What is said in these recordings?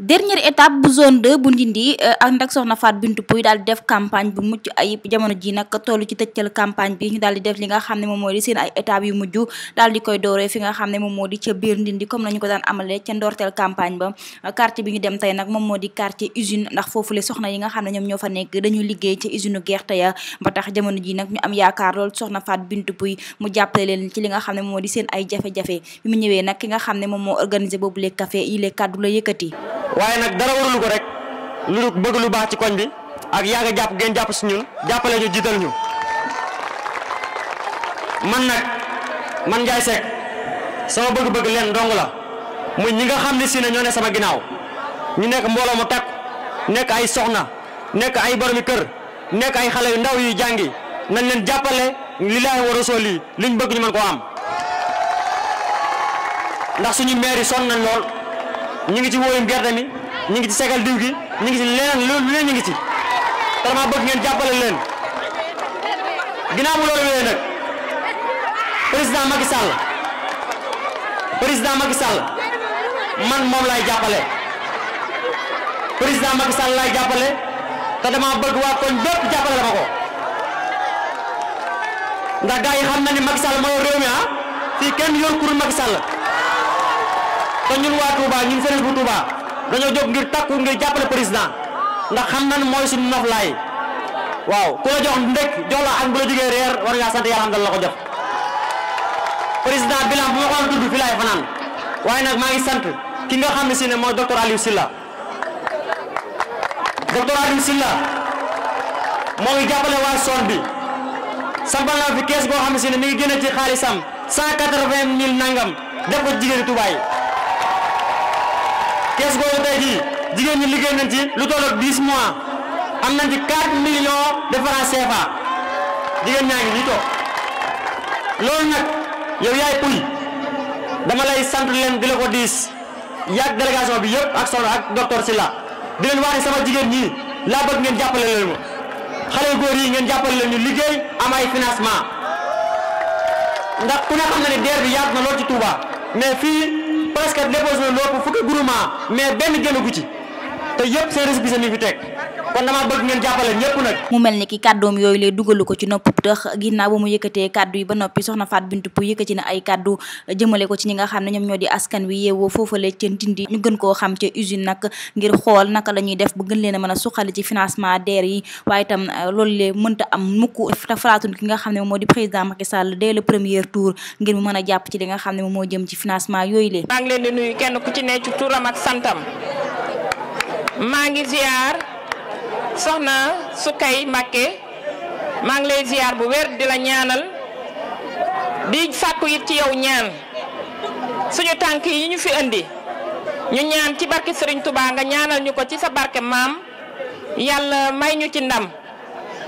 dernière étape bu zone 2 bu Ndindi euh, ànd ak soxna Faat Bintu Pouy daal di def campagne bu mucc ayib jamono ji nag toll ci tëccal campagne bi ñu daal di def li nga xam ne moom moo di seen ay yu mujj daal di koy dooree fi nga xam ne moo di ca biir Ndindi comme nañu ko daan amalee ca ndorteel campagne ba quartier tey nag moom moo di quartier usine ndax foofule soxna yi nga xam ne ñoom ñoo fa nekk dañu liggéey ca usine gerte ya tax jamono ji nag ñu am yaakaar soxna Faat Bintu Pouy mu jàppale leen ci li nga xam ne moo di seen ay jafe bi mu ñëwee nag ki nga xam ne moom moo organisé boobu le café yi le kàddu la yëkkati waaye nag dara warulu ko rek lu bëgg lu baax ci koñ bi ak yàgg a jàpp ngeen jàpp si ñun jàppale ñu jiital ñu man nag man Ndiaye Seck sama bëgg-bëgg leen dong la muy ñi nga xam ne si ne ñoo ne sama ginnaaw ñu nekk mbooloo mu takk nekk ay soxna nekk ay boromi kër nekk ay xale yu ndaw yuy jàngi nañ leen jàppale li laay lii liñ bëgg ñu mën koo am ndax suñu maire yi sonn lool. ñu ngi ci wóoyum gerte mi ñu ngi ci segal diw gi ñu ngi ci leneen loolu lu leen ñu ngi ci te dama bëgg ngeen jàppale leen ginnaaw mu loolu wéyee nag président Macky Sall président Macky Sall man moom laay jàppale président Macky Sall laay jàppale te dama bëgg waa koñ bépp jàppale la ma ko ndax gars yi xam na ni Macky Sall moo réew mi ah fii kenn yor kuréel Macky Sall te ñun waa Touba ñun service bu Touba dañoo jóg ngir takku ngir jàppale président ndax xam nan mooy suñu noflaay waaw ku la jox ndekk jox la añ bu la jógee reer war ngaa sant yàlla xam la ko jox président bilan bu ma ko am fanaan waaye nag maa ngi sant ki nga xam ne si ne mooy docteur Aliou Sylla docteur moo ngi jàppale waa zone bi sampal na fi kees boo xam ne si ne mi ngi génne ci xaalisam cent quatre-vingt mille nangam def ko jigéen Touba kees googu tey jii jigéen ñi liggéey nañ ci lu toll ak 10 mois am nañ ci 4 millions de francs CFA jigéen ñaa ngi ñu toog loolu nag yow yaay puy dama lay sant leen di la ko diis yàgg délégation bi yëpp ak soxna ak docteur Sylla di leen wax ne sama jigéen ñi laa bëgg ngeen jàppale leen ma xale góor yi ngeen jàppale leen ñu liggéey am ay financement ndax ku ne xam na ne DER bi yaatu na lool ci Touba mais fii presque déposé na lépp mois mais benn génn gu ci te yëpp seen récépissé mi fi teg kon damaa bëgg ngeen jàppale ñëpp nag mu mel ni ki kàddoom yooyu lay dugalu ko ci nopp tëx ginnaaw ba mu yëkkatee kàddu yi ba noppi soxna Fatou Bintou Pouye yëkkati na ay kàddu jëmale ko ci nga xam ne ñoom ñoo di askan wi yeewoo foofale ca Ndindi ñu gën koo xam ca usine ngir xool naka la ñuy def gën leen a mën a suqali ci financement DER yi waaye itam euh, loolu lee mënta am mukk te falaatun ki nga xam ne moo di président Macky Sall dès le tour ngir mu mën a jàpp ci li nga xam ne moo jëm ci financement yooyu lee maa ngi leen di nuyu kenn ku ci ne ci turam ak santam maa ngi ziar soxna Sukay Mbàkke maa ngi lay ziar bu wér di la ñaanal di sàkku it ci yow ñaan suñu tànk yi ñu fi indi ñu ñaan ci barke sëriñ Touba nga ñaanal ñu ko ci sa barke maam yàlla may ñu ci ndam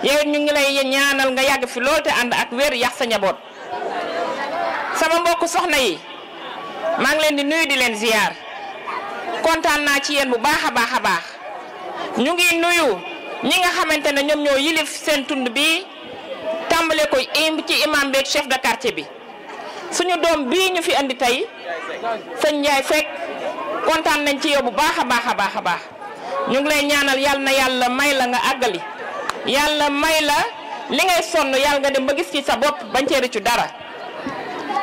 yow ñu ngi lay ñaanal nga yàgg fi lool te ànd ak wér yax sa njaboot sama mbokk soxna yi maa ngi leen di nuyu di leen ziar kontaan naa ci yéen bu baax a baax a baax ñu ngi nuyu. ñi nga xamante ne ñoom ñoo yilif seen tund bi tàmbale ko ci imam beeg chef de quartier bi suñu doom bii ñu fi indi tey sëñ Ndiaye Seck kontaan nañ ci yow bu baax a baax a baax a baax ñu ngi lay ñaanal yàlla na yàlla may la nga àggali yàlla may la li ngay sonn yàlla nga dem ba gis ci sa bopp bañ cee rëccu dara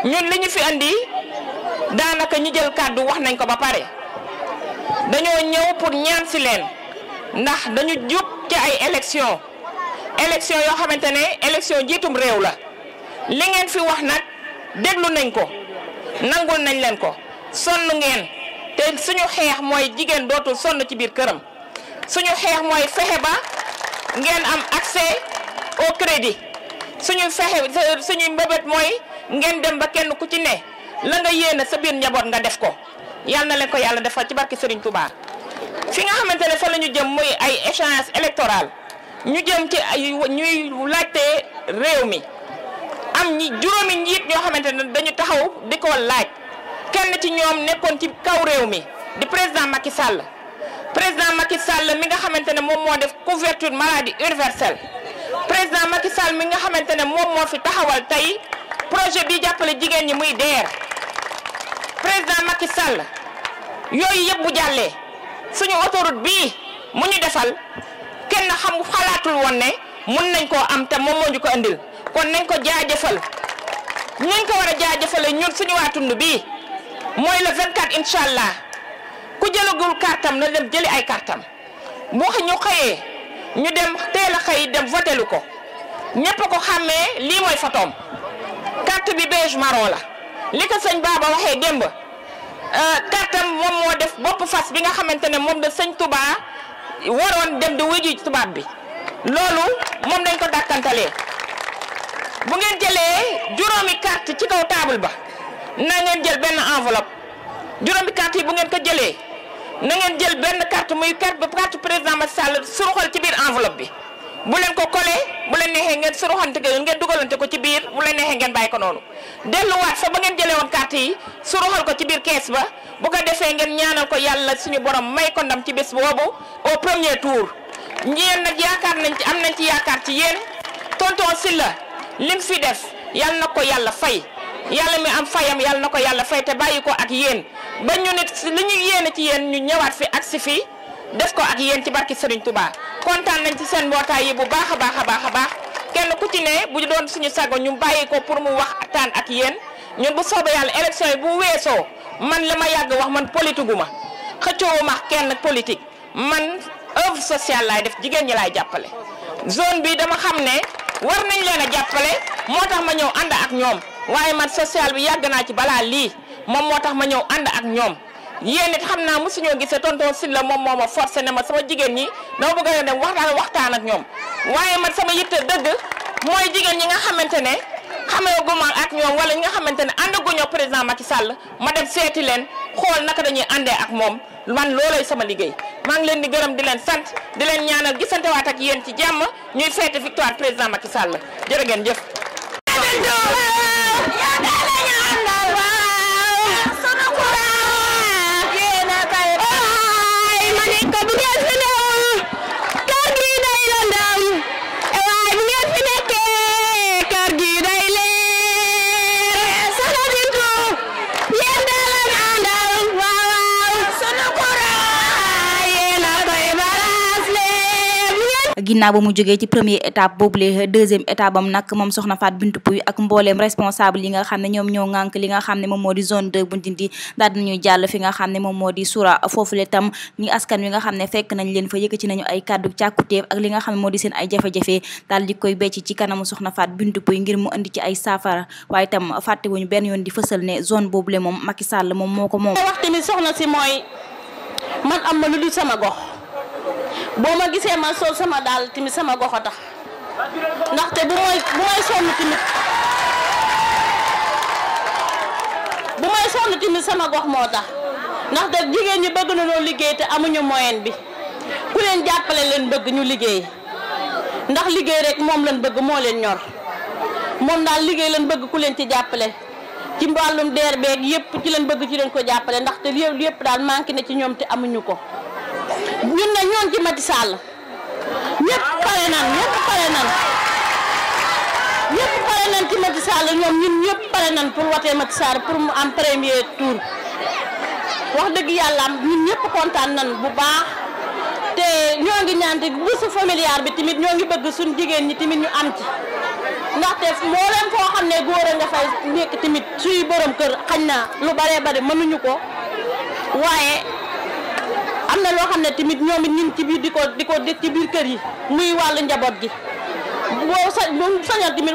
ñun li ñu fi indi daanaka ñu jël kàddu wax nañ ko ba pare dañoo ñëw pour ñaan si leen. ndax dañu jub ci ay élection élection yoo xamante ne élection jiitum réew la li ngeen fi wax nag déglu nañ ko nangul nañ leen ko sonn ngeen te suñu xeex mooy jigéen dootul sonn ci biir këram suñu xeex mooy fexe ba ngeen am accès au crédit suñu fexe suñuy mbëbët mooy ngeen dem ba kenn ku ci ne la nga yéene sa biir njaboot nga def ko yàlla na leen ko yàlla defal ci barki Serigne Touba. fi nga xamante ne fa la ñu jëm muy ay échéance électorale ñu jëm ci ay ñuy laajte réew mi am ñi juróomi njiit ñoo xamante ne dañu taxaw di ko laaj kenn ci ñoom nekkoon ci kaw réew mi di président Macky Sall président Macky Sall mi nga xamante ne moom moo def couverture maladie universelle président Macky Sall mi nga xamante ne moom moo fi taxawal tey projet bi jàppale jigéen ñi muy DER président Macky Sall yooyu yëpp bu jàllee suñu autoroute bii mu ñu defal kenn xam xalaatul woon ne mun nañ koo am te moom moo ñu ko indil kon nañ ko jaajëfal nañ ko war a jaajëfale ñun suñu waa tund bii mooy le 24 incha allah ku jëlagul kartam na dem jëli ay kartam bu ñu xëyee ñu dem teel xëy dem votelu ko ñëpp ko xàmmee lii mooy fotoom carte bi beige marron la li ko sëñ Baba waxee démb. kartam euh, moom moo def bopp fas bi nga xamante ne moom da sëñ Touba waroon dem di wuyu tubaab bi loolu moom dañ ko dàkkantalee bu ngeen jëlee juróomi carte ci kaw table ba na ngeen jël benn enveloppe juróomi carte yi bu ngeen ko jëlee na ngeen jël benn carte muy carte ba carte président Macky Sall suruxal ci biir enveloppe bi bu leen ko coller bu leen neexee ngeen suruxante ko ngeen dugalante ko ci biir bu leen neexee ngeen bàyyi ko noonu delluwaat fa ba ngeen jëlee woon carte yi suruxal ko ci biir kees ba bu ko defee ngeen ñaanal ko yàlla suñu borom may ko ndam ci bés boobu au premier tour. ñeen nag yaakaar nañ ci am nañ ci yaakaar ci yéen si la lim fi def yàlla nag ko yàlla fay yàlla mi am fayam yàlla na ko yàlla fay te bàyyi ko ak yéen ba ñu nit li ñu yéene ci yéen ñu ñëwaat fi ak si fii. def ko ak yéen ci barki Serigne Touba kontaan nañ ci seen mbootaay yi bu baax a baax a baax baax kenn ku ci ne bu doon suñu sago ñu bàyyi ko pour mu waxtaan ak yéen ñun bu soobee yàlla élection yi bu weesoo man la ma yàgg wax man politique gu ma xëccoo max kenn politique man œuvre sociale laay def jigéen ñi laay jàppale. zone bi dama xam ne war nañ leen a jàppale moo tax ma ñëw ànd ak ñoom waaye man social bi yàgg naa ci balaa lii moom moo tax ma ñëw ànd ak ñoom. yéen it xam naa mosuñoo gisee tonton Sylla moom moo ma forcé ne ma sama jigéen ñi dama bëgg a dem waxtaan waxtaan ak ñoom waaye ma sama yitte dëgg mooy jigéen ñi nga xamante ne xamee guma ak ñoom wala ñi nga xamante ne àndaguñoo président Macky Sall ma dem seeti leen xool naka dañuy àndee ak moom man loolay sama liggéey maa ngi leen di gërëm di leen sant di leen ñaanal gisante waat ak yéen ci jàmm ñuy feete victoire président Macky Sall jërë ngeen jëf. ginnaaw ba mu jógee ci première étape boobule deuxième étape am nag moom soxna Fatou Bintou Pouye ak mbooleem responsable yi nga xam ne ñoom ñoo nga xam ne moom moo di zone xam ne moom moo di Soura foofule tam moo di seen ay jafe-jafe daal di koy becc ci kanamu soxna Fatou Bintou Pouye ngir mu indi saafara waaye tam fàttewuñu benn yoon di fësal ne zone boobule moom Macky Sall moom moo ko moom wax tamit soxna si mooy man am ma lu dul sama gox boo ma gisee ma sol sama daal tamit sama gox a tax ndaxte bu may bu may sonn tamit sama gox moo tax ndaxte jigéen ñi bëgg na noo liggéey te amuñu moyen bi ku leen jàppale leen bëgg ñu liggéey ndax liggéey rek moom lañ bëgg moo leen ñor moom daal liggéey leen bëgg ku leen ci jàppale ci mbàllum deer beeg yëpp ci leen bëgg ci leen ko jàppale ndaxte yëpp daal manqué na ci ñoom te amuñu ko ñun na ñoon ci Macky Sall ñëpp pare nan ñëpp pare nan ñëpp pare nan ci Macky ñoom ñun ñëpp pare nan pour watee Macky pour mu am premier tour wax dëgg yàlla am ñun ñëpp kontaan nan bu baax te ñoo ngi ñaante bésu familial bi tamit ñoo ngi bëgg suñu jigéen ñi tamit ñu am ci ndaxte moo leen foo xam ne góor a nga fay nekk tamit suy borom kër xañ na lu baree bari mënuñu ko waaye am na loo xam ne tamit ñoom it ñu ngi ci biir di ko di ko ci biir kër yi muy wàllu njaboot gi boo sa sañoon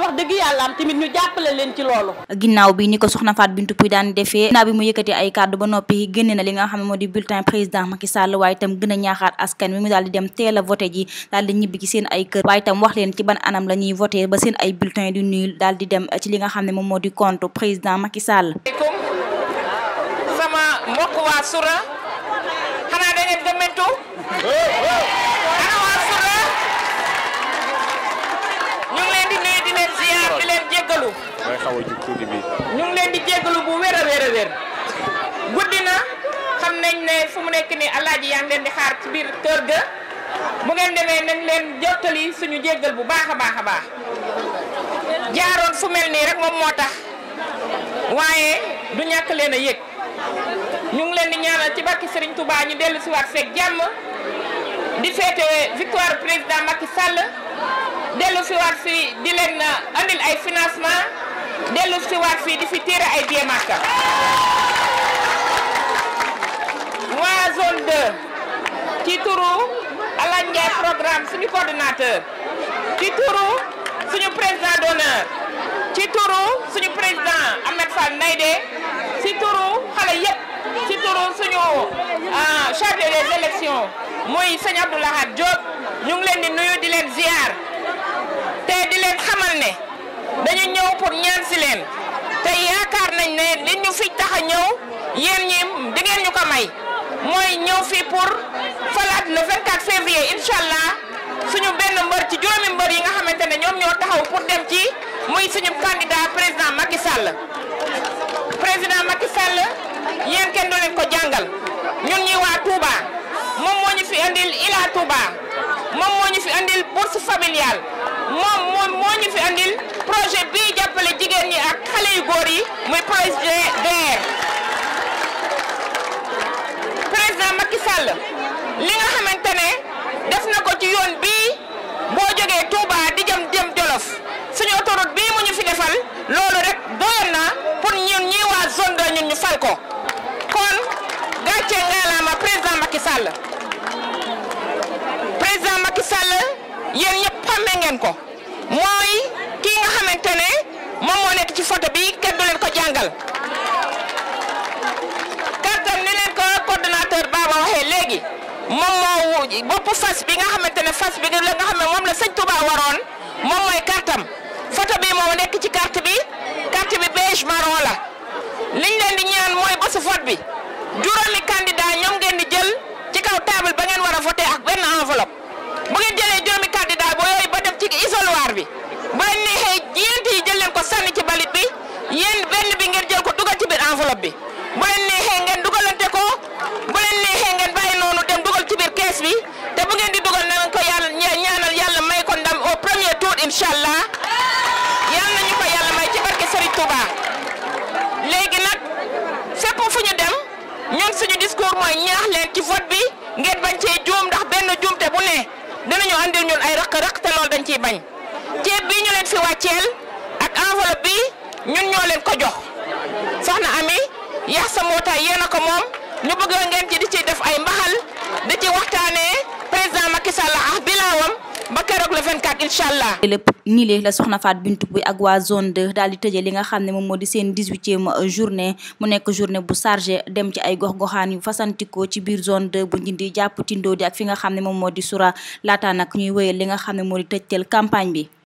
wax dëgg yàlla am ñu jàppale leen ci loolu ginnaaw bi ni ko soxna Faat Bintou Pouye daan defee ginnaaw bi mu yëkkati ay kàddu ba noppi génne na li nga xam ne moo di bulletin président Macky Sall waaye itam gën a ñaaxaat askan mu daal di dem teel a voté ji daal di ñibbi ci seen ay kër waaye tam wax leen ci ban anam la ñuy voté ba seen ay bulletin du nul daal di dem ci li xam ne moom moo di compte président Macky Sall Bintu waa Soudan ñu leen di nuyu di leen ziar di leen jéggalu ñu ngi leen di jéggalu bu wér a wér guddi na xam nañ ne fu mu nekk ni alaaji yaa ngi leen di xaar ci biir kër ga bu ngeen demee nañ leen jottali suñu jéggal bu baax a baax a baax jaaroon fu mel nii rek moom moo tax waaye du ñàkk leen a yëg ñu ngi leen di ñaanal ci barki Serigne Touba ñu dellu si waat seeg jàmm di féete victoire président Macky Sall dellu si waat si di leen uh, andil ay financement dellu si waat fii di fi tiire ay biir Makka waa zone ci turu Alane programme suñu coordonnateur ci turu suñu président d'honneur ci turu suñu président Ahmed Fall Ndayde ci turu xale yépp ci turu suñu chargé des muy sëñ Abdou Lahad ñu ngi leen di nuyu di leen ziar te di leen xamal ne dañu ñëw pour ñaan si leen te yaakaar nañ ne li ñu fi tax a ñëw yéen ñi di ngeen ñu ko may mooy ñëw fii pour falaat le 24 février incha suñu benn mbër ci juróomi mbër yi nga xamante ne ñoom ñoo taxaw pour dem ci muy suñu candidat président Macky Sall président Macky Sall. yéen kenn du leen ko jàngal ñun ñi waa Touba moom moo ñu fi andil Ila Touba moom moo ñu fi andil bourse familiale moom moo ñu fi andil projet bii jàppale jigéen ñi ak xale yu góor yi muy projet DER président Macky Sall li nga xamante def na ko ci yoon bii boo jógee Touba di jëm jëm Jolof suñu autoroute mu ñu fi defal loolu rek defar ko kon gàcce ngaalaama président Macky Sall président Macky Sall yéen ñëpp xammee ngeen ko mooy kii nga xamante ne moom moo nekk ci photo bi kenn du leen ko jàngal kàttan ni ko coordonnateur Baba waxee léegi moom moo bopp fas bi nga xamante ne fas bi la nga xam ne moom la sëñ Touba waroon moom mooy kartam photo bi moo nekk ci carte bi bi juróomi dinañu andil ñun ay rëq-rëq te loolu dañ ciy bañ ceeb bi ñu leen fi wàcceel ak enveloppe bi ñun ñoo leen ko jox soxna ami yax sa mbootaay yéen a ko moom ñu bëgg ngeen ci di ci def ay mbaxal di ci waxtaanee président Macky Sall ak bilaawam keroog le 24 incha allah. lépp nii lee la soxna Faat Bintou Pouye ak waa zone de daal di tëjee li nga xam ne moom moo di seen 18eem journée mu nekk journée bu chargé dem ci ay gox-goxaan yu fasantikoo ci biir zone 2 bu Ndindi jàpp Tindoodi ak fi nga xam ne moom moo di sura laata nag ñuy wéyal li nga xam ne moo di tëjteel campagne bi.